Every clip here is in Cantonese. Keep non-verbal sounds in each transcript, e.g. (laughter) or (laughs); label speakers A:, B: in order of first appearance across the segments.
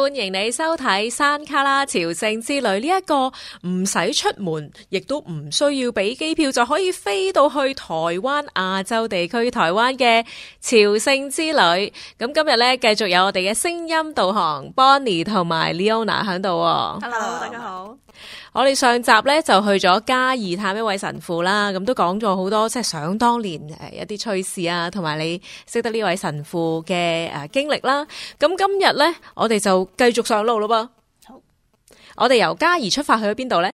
A: 歡迎你收睇《山卡拉朝聖之旅》，呢一個唔使出門，亦都唔需要俾機票就可以飛到去台灣亞洲地區台灣嘅朝聖之旅。咁今日咧繼續有我哋嘅聲音導航 Bonny 同埋 Leeon 喺度。Hello，大家好。我哋上集咧就去咗嘉義探一位神父啦，咁都講咗好多，即係想當年誒一啲趣事啊，同埋你識得呢位神父嘅誒經歷啦。咁今日咧我哋就。繼續上路咯噃，好，我哋由嘉義出發去咗邊度呢？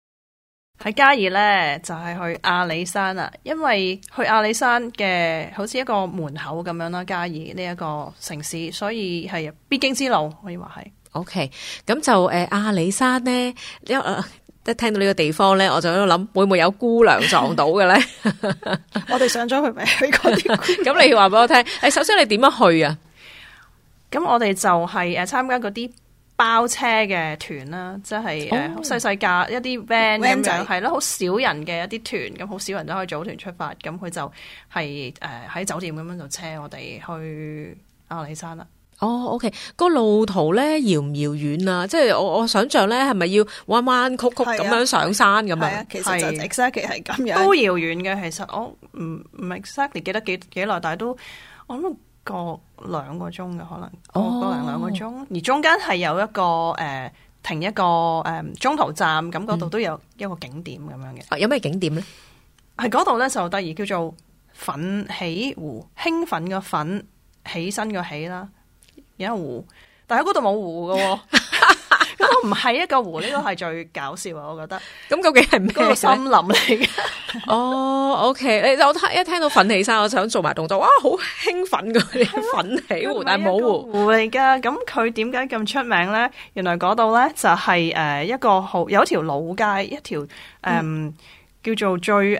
A: 喺嘉義呢，就係、係、去阿里
B: 山啦，因為去阿里山嘅好似一個門口咁樣啦，嘉義呢一個
A: 城市，所以係必經之路可以話係。OK，咁就誒阿里山呢，呃、一誒聽到呢個地方呢，我就喺度諗會唔會有姑娘撞到嘅呢？
B: (laughs) 我哋上咗去咪？
A: 咁 (laughs) (laughs) 你話俾我聽，誒，首先你點樣去啊？
B: 咁我哋就係誒參加嗰啲包車嘅團啦，即係誒細細架一啲 van 咁樣，oh,，係咯 van 小，好少人嘅一啲團，咁好少人都可以組團出發，咁佢就係誒喺酒店咁樣就車我哋去阿里山啦。
A: 哦，oh,，OK，個路途咧遙唔遙遠啊？即係我我想象咧係咪要彎彎曲曲咁樣上山咁啊，啊？係啊，其實就 exactly 係咁樣，都遙
B: 遠嘅。其實我唔唔 exactly 記得幾幾耐，但係都我諗。兩個兩個鐘嘅可能，哦，個兩個鐘，而中間係有一個誒、呃，停一個誒、呃、中途站，咁嗰度都有一個景點咁樣嘅、嗯啊。有咩景點咧？喺嗰度咧就第二叫做奮起湖，興奮嘅奮起身嘅起啦，有一湖，但係嗰度冇湖嘅、哦。 (laughs) 唔係一
A: 個湖，呢 (laughs) 個係
B: 最搞笑啊！我覺得。
A: 咁 (laughs) 究竟係咩森林嚟？哦、 (laughs) oh,，OK，你就我一聽到奮起山，我就想做埋動作，哇，好興奮噶！呢個奮
B: 起湖，但係冇湖湖嚟噶。咁佢點解咁出名咧？原來嗰度咧就係誒一個好有一條老街，一條誒、嗯嗯、叫做最誒喺、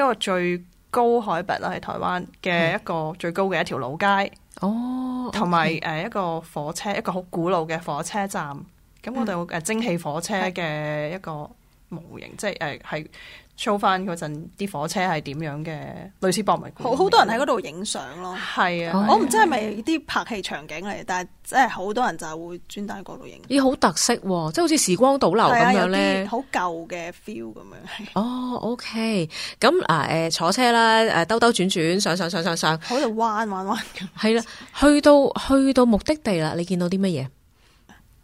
B: 呃、個最高海拔啦，喺台灣嘅一個最高嘅一條老街。
C: 嗯、哦，同埋誒
B: 一個火車，嗯、一個好古老嘅火車站。咁我哋誒蒸汽火車嘅一個模型，是即係誒係操翻嗰陣啲火車係點樣嘅，類似博物館。好多人喺嗰度影相咯，係啊的，我唔知係咪啲拍戲場景嚟，的但係即係好多人就係會專登喺嗰度影。
A: 咦、欸，好特色喎，即係好似時光倒流咁樣咧，
B: 好舊嘅 feel 咁樣。
A: 哦，OK，咁啊誒坐車啦，誒兜兜轉轉上上上上上，好似彎彎彎。係啦， (laughs) 去到去到目的地啦，你見到啲乜嘢？ (laughs)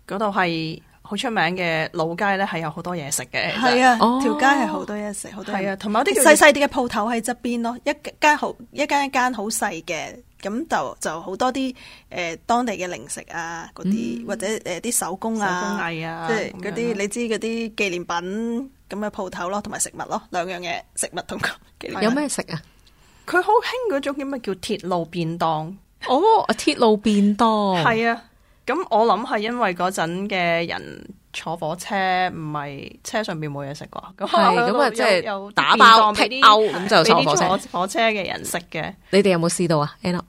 B: 嗰度係好出名嘅老街咧，係有好多嘢食嘅。係啊，條、哦、街係好多嘢食，好多係啊，同埋有啲細細啲嘅鋪頭喺側邊咯，一間好一間一間好細嘅，咁就就好多啲誒當地嘅零食啊，嗰啲、嗯、或者誒啲手工啊，工藝啊，即係嗰啲你知嗰啲紀念品咁嘅鋪頭咯，同埋食物咯，兩樣嘢，食物同個紀念品。有咩食啊？佢好興嗰種叫咩叫鐵路便當？ (laughs) 哦，鐵
A: 路便當係笑笑
B: 笑笑是啊。咁我諗係因為嗰陣嘅人坐火車唔係，車上邊冇嘢食啩，係咁啊，即係有打包劈歐，咁就坐火車火車嘅人食嘅。
A: 你哋有冇試到啊？a n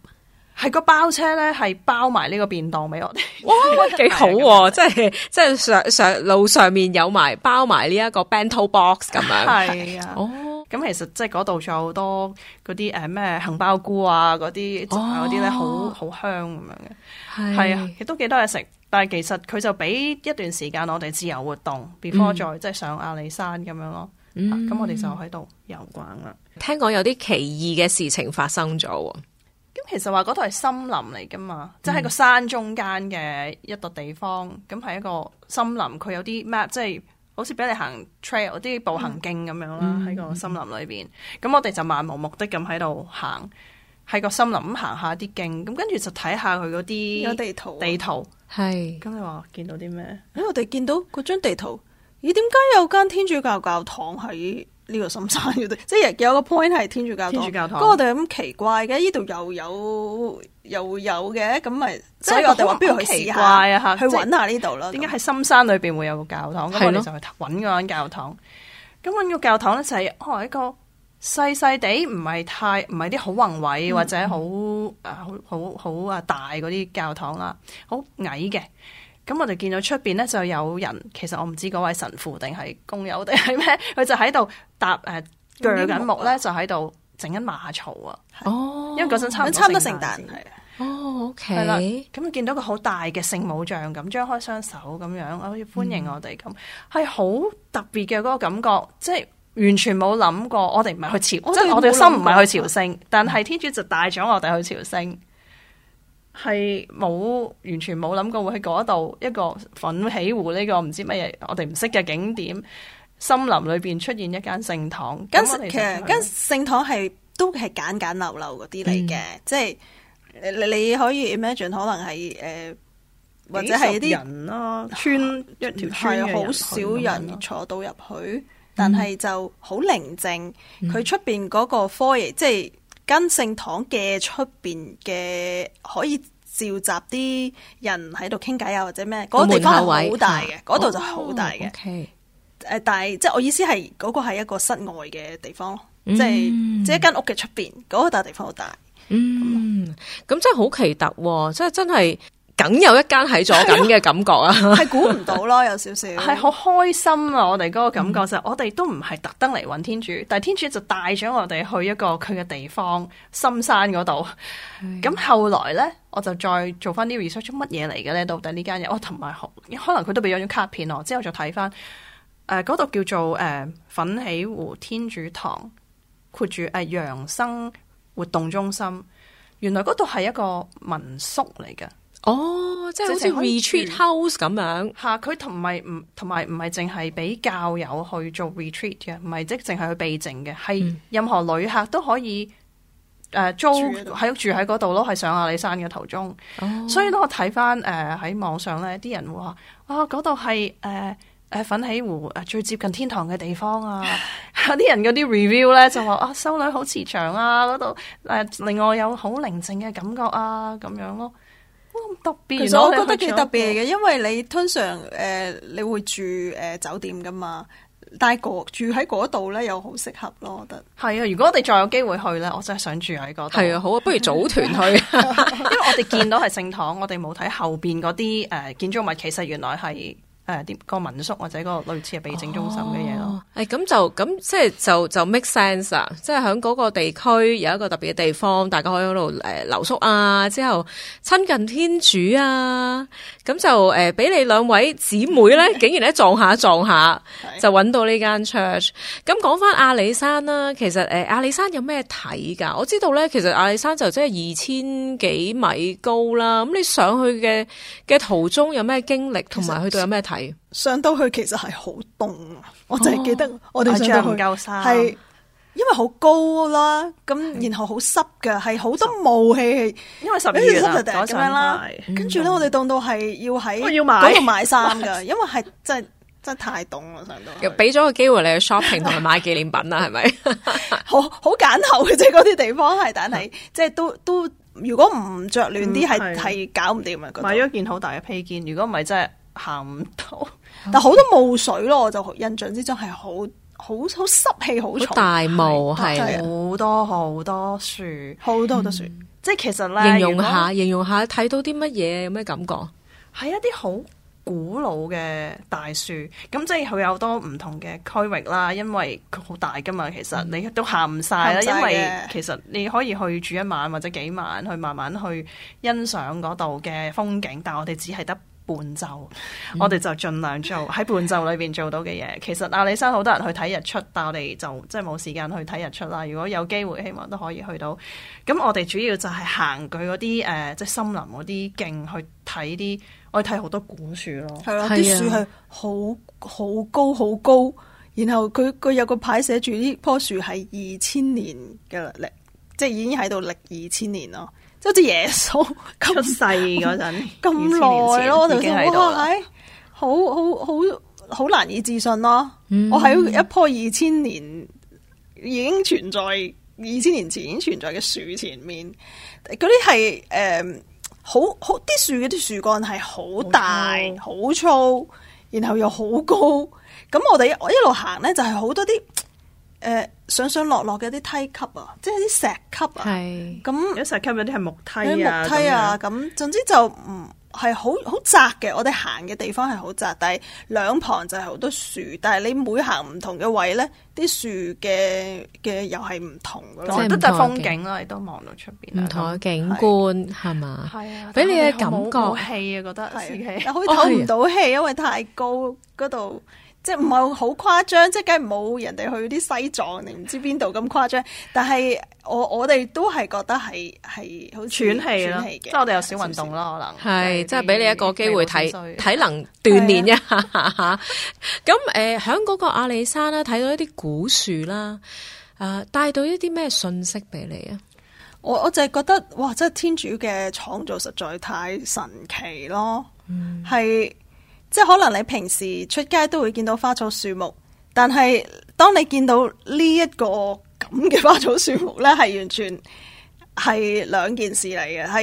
A: 係個包車
B: 咧，係包埋呢個便當俾我哋。
A: 哇，幾 (laughs) 好，啊，即係即係上上，上路上面有埋包埋呢一個 bento box 咁樣。係啊。 (laughs) 哦
B: 咁其實即係嗰度仲有好多嗰啲，誒，咩杏鮑菇啊嗰啲，嗰啲咧好好香咁樣嘅，
A: 係啊是，亦
B: 都幾多嘢食。但係其實佢就俾一段時間我哋自由
A: 活動，before、嗯、再
B: 即係上阿里山咁樣咯。
A: 咁、嗯啊、我哋就喺
B: 度遊逛啦。
A: 聽講有啲奇異嘅事情發生咗喎。
B: 咁其實話嗰度係森林嚟噶嘛，即係、嗯、個山中間嘅一個地方，咁係一個森林，佢有啲咩即係。好似俾你行 trail 啲步行徑咁樣啦，喺個、嗯嗯、森林裏邊，咁、嗯、我哋就漫無目的咁喺度行，喺個森林咁行下啲徑，咁跟住就睇下佢嗰啲地圖，有地圖係、啊，咁你話見到啲咩？誒，我哋見到嗰張地圖，是咦，點解有間天主教教堂喺？呢個深山嗰度，即係有個 point 係天主教堂。咁我哋咁奇怪嘅，呢度又有又有嘅，咁咪、即係，所以我哋話，不如去試下奇怪啊，嚇，去揾下呢度咯。點解喺深山裏邊會有個教堂？咁的我哋就去揾嗰間教堂。咁揾的個教堂咧，就係哦，一個細細地，唔係太唔係啲好宏偉、嗯、或者、嗯、啊好啊好好好啊大嗰啲教堂啦，好矮嘅。咁我哋見到出邊咧就有人，其實我唔知嗰位神父定係工友定係咩，佢就喺度搭誒鋸緊木咧，嗯、就喺度整緊馬槽啊。哦，
C: 因為嗰陣差差唔多聖誕係啊。嗯、哦，OK。係啦，
B: 咁見到個好大嘅聖母像咁，張開雙手咁樣，好似、呃、歡迎我哋咁，係好、嗯、特別嘅嗰個感覺，即、就、係、是、完全冇諗過，我哋唔係去朝，即係我哋嘅心唔係去朝聖，但係天主就帶咗我哋去朝聖。嗯係冇，完全冇諗過會喺嗰度一個奮起湖呢、這個唔知乜嘢，我哋唔識嘅景點，森林裏邊出現一間聖堂。跟其實間聖堂係、嗯、都係簡，簡簡陋陋嗰啲嚟嘅，嗯、即係你可以 imagine 可能係誒、呃、或者係啲人啦、啊，啊啊、條村一條村好少人坐到入去，嗯嗯、但係就好寧靜。佢出邊嗰個 foyer 即係。間聖堂嘅出邊嘅可以召集啲人喺度傾偈啊，或者咩？嗰、那個地方係好大嘅，嗰度就好大嘅。誒、啊，哦、但係即係我意思係嗰、那個係一個室外嘅地方咯，
A: 嗯、即係即係一間屋嘅出邊，嗰、那個大地方好大。嗯，咁真係好奇特喎、啊，即係真係。梗有一間喺左近嘅感覺啊，係估唔
B: 到咯，有少少係好開心啊！我哋嗰個感覺、嗯、就係我哋都唔係特登嚟搵天主，但係天主就帶咗我哋去一個佢嘅地方，深山嗰度。咁、嗯、後來咧，我就再做翻啲 research，乜嘢嚟嘅咧？到底呢間嘢？我同埋可能佢都俾咗張卡片我，之後就睇翻，誒、嗰、呃、度叫做誒、呃、奮起湖天主堂，括住誒養生活動中心，原來嗰度係一個民宿嚟嘅。哦，即係好似 retreat house 咁樣吓，佢同埋唔同埋唔係淨係俾教友去做 retreat 嘅，唔係即係淨係去避靜嘅，係任何旅客都可以誒租喺屋、嗯、住喺嗰度咯，係上阿里山嘅途中。哦、所以咧，我睇翻誒喺網上咧，啲人話啊嗰度係誒誒奮起湖最接近天堂嘅地方啊，啲 (laughs) (laughs) 人嗰啲 review 咧就話啊修女好慈祥啊，嗰度誒令我有好寧靜嘅感覺啊咁樣咯。咁特別，其實我覺得幾特別嘅，因為你通常誒、呃、你會住誒、呃、酒店噶嘛，但係住喺嗰度咧又好適合咯，我覺得係啊。如果我哋再有機會去咧，我真係想住喺嗰度。
A: 係啊，好啊，不如組團去，
B: (laughs) (laughs) 因為我哋見到係聖堂，我哋冇睇後邊嗰啲誒建築物，其實原來係。誒啲個民宿或者個類似嘅避靜中心嘅嘢咯。
A: 誒咁、哦哎、就咁即係就就，就 make sense 啊！即係喺嗰個地區有一個特別嘅地方，大家可以喺度誒留宿啊，之後親近天主啊。咁就誒俾、呃、你兩位姊妹咧，竟然咧撞一下撞一下 (laughs) 就揾到呢間 church。咁講翻阿里山啦，啊，其實誒阿、呃、里山有咩睇㗎？我知道咧，其實阿里山就即係二千幾米高啦。咁你上去嘅嘅途中有咩經歷，同埋去到有咩睇？其實 上到去其實係好凍，
B: 我淨係記得我哋着唔夠衫，係因為好高啦，咁然後好濕嘅，係好多霧氣，因為十二月啊，咁樣啦。跟住咧，我哋凍到係要喺嗰度買衫嘅，因為係真係真係太凍啊！上
A: 到又俾咗個機會你去 shopping 同埋買紀念品啦，係咪？
B: 好好簡陋嘅，啫，嗰啲地方係，但係即係都都，如果唔着暖啲，係係搞唔掂啊！買咗件好大嘅披肩，如果唔係真係。行唔到，但好多霧水咯。我就印象之中係好好好濕氣，好重，大霧，係好
A: 多好多樹，好、嗯、多好多樹。
B: 即係其實咧，形容下，
A: 果形容下睇到啲乜嘢，有咩感覺？
B: 係一啲好古老嘅大樹，咁即係佢有多唔同嘅區域啦。因為佢好大噶嘛，其實、嗯、你都行唔晒啦。因為其實你可以去住一晚或者幾晚，去慢慢去欣賞嗰度嘅風景。但我哋只係得。伴奏，
C: 我哋就
B: 盡量做喺伴奏裏邊做到嘅嘢。其實阿里山好多人去睇日出，但我哋就真係冇時間去睇日出啦。如果有機會，希望都可以去到。咁我哋主要就係行佢嗰啲誒，即係森林嗰啲徑去睇啲，我哋睇好多古樹咯。係啦、啊，啲樹係好好高，好高。然後佢佢有個牌寫住呢棵樹係二千年嘅歷，即係已經喺度歷二千年咯。即係啲耶穌出世嗰陣，咁耐咯，就係好好好好，好難以置信咯。嗯、我喺一棵二千年已經存在，二千年前已經存在嘅樹前面，嗰啲係誒好好啲樹嘅啲樹幹係好大好粗、粗、粗，然後又好高。咁我哋我一路行咧，就係好多啲。誒，上上落落嘅啲梯級啊，即係啲石級啊，咁啲石級有啲係木梯啊，木梯啊，咁總之就唔係好好窄嘅，我哋行嘅地方係好窄，但係兩旁就係好多樹，但係你每行唔同嘅位咧，啲樹嘅嘅又係唔
A: 同，即係都就係風景
B: 啦，你都望到出
A: 邊唔同嘅景觀，係嘛，係啊，俾你嘅感覺冇氣
B: 啊，覺得、啊，係好唞唔到氣，哦哎、因為太高嗰度。即係唔係好誇張，即係梗係冇人哋去啲西藏你唔知邊度咁誇張。但係我我哋都係覺得係係好喘氣咯，即係我哋有少運動咯，可能
A: 係即係俾你一個機會睇，體能鍛煉一下咁誒，喺嗰、啊 (laughs) 呃、個阿里山咧睇到一啲古樹啦，誒、呃，帶到一啲咩信息俾你啊？我我就係覺得哇，真係天主嘅創造實在
B: 太神奇咯，係、嗯。即係可能你平時出街都會見到花草樹木，但係當你見到呢、這、一個咁嘅花草樹木咧，係完全係兩件事嚟嘅，係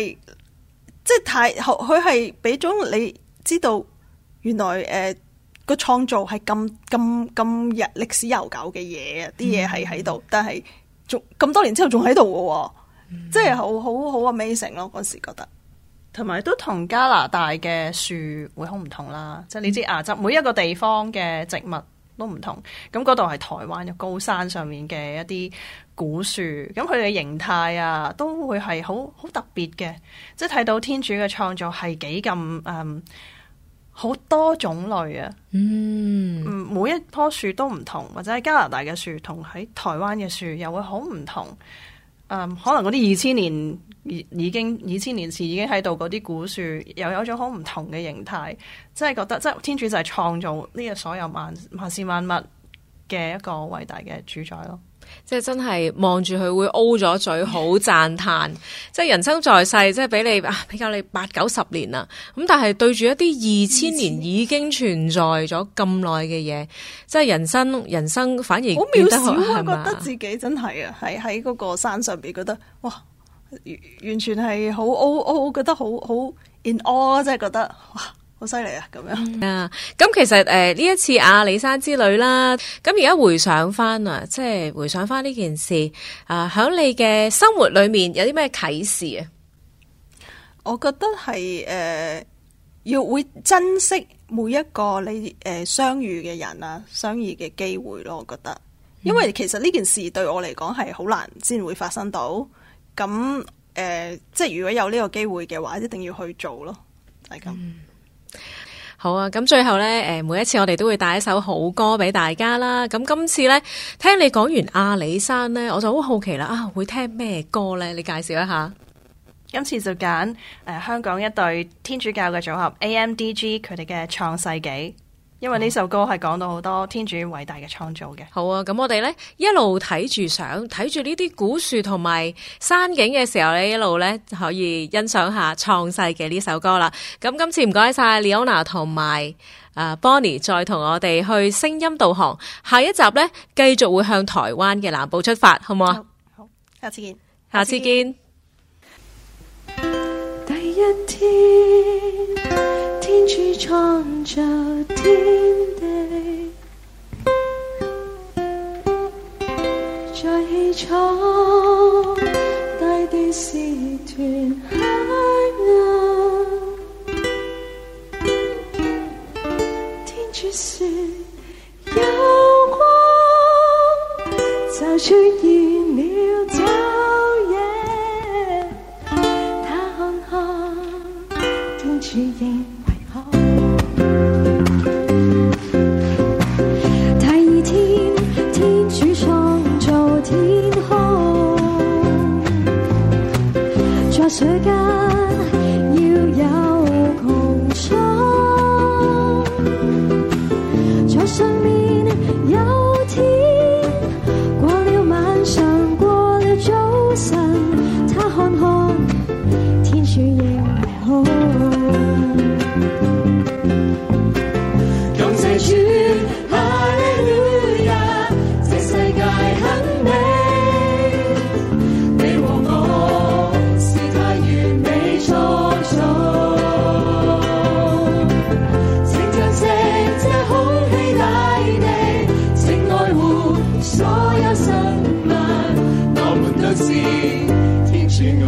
B: 即係太佢係俾咗你知道，原來誒個創造係咁咁咁日歷史悠久嘅嘢，啊啲嘢係喺度，但係仲咁多年之後仲喺度嘅，mm hmm. 即係好好好 amazing 咯，陣時覺得。同埋都同加拿大嘅樹會好唔同啦，即係你知亞洲每一個地方嘅植物都唔同，咁嗰度係台灣嘅高山上面嘅一啲古樹，咁佢哋嘅形態啊都會係好好特別嘅，即係睇到天主嘅創造係幾咁嗯好多種類啊，
C: 嗯
B: 每一棵樹都唔同，或者喺加拿大嘅樹同喺台灣嘅樹又會好唔同，嗯可能嗰啲二千年。已已經二千年前已經喺度，嗰啲古樹又有咗好唔同嘅形態，即係覺得即係天主就係創造呢個所有萬萬事萬物嘅一個偉大嘅主宰咯。
A: 即係真係望住佢會 O 咗嘴，好讚嘆。 (laughs) 即係人生在世，即係俾你啊，比較你八九十年啊，咁但係對住一啲二千年已經存在咗咁耐嘅嘢，即係人生，人生反而好渺小啊！吧覺得
B: 自己真係啊，係喺嗰個山上邊，覺得哇～完全係好，我我覺得好好 in awe，真係覺得哇，好犀利啊！咁樣、呃、
A: 啊，咁其實誒呢一次阿里山之旅啦，咁而家回想翻啊，即係回想翻呢件事啊，喺你嘅生活裏面有啲咩啟示啊？我覺得
B: 係誒、呃、要會珍惜每一個你誒相遇嘅人啊，相遇嘅機會咯。我覺得，嗯、因為其實呢件事對我嚟講係好難先會發生到。咁誒、呃，即係如果有呢個機會嘅話，一定要去做咯，就係咁，
A: 嗯。好啊，咁最後呢，誒，每一次我哋都會帶一首好歌俾大家啦。咁今次呢，聽你講完阿里山呢，我就好好奇啦，啊，會聽咩歌呢？你介紹一下。今次就揀誒、呃、香
B: 港一對天主教嘅組合 A M D G，佢哋嘅創世紀。因為呢首歌係
A: 講到好多天主偉大嘅創造嘅。好啊，咁我哋呢一路睇住相，睇住呢啲古樹同埋山景嘅時候呢，一路呢可以欣賞下創世嘅呢首歌啦。咁今次唔該晒 Leeon 同埋啊 Bonny 再同我哋去聲音導航，下一集呢，繼續會向台灣嘅南部出發，好唔好啊？好，下次見。下次見。
C: 下次見。第一天。主創造天地，在起初，大地是團。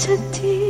C: 七天。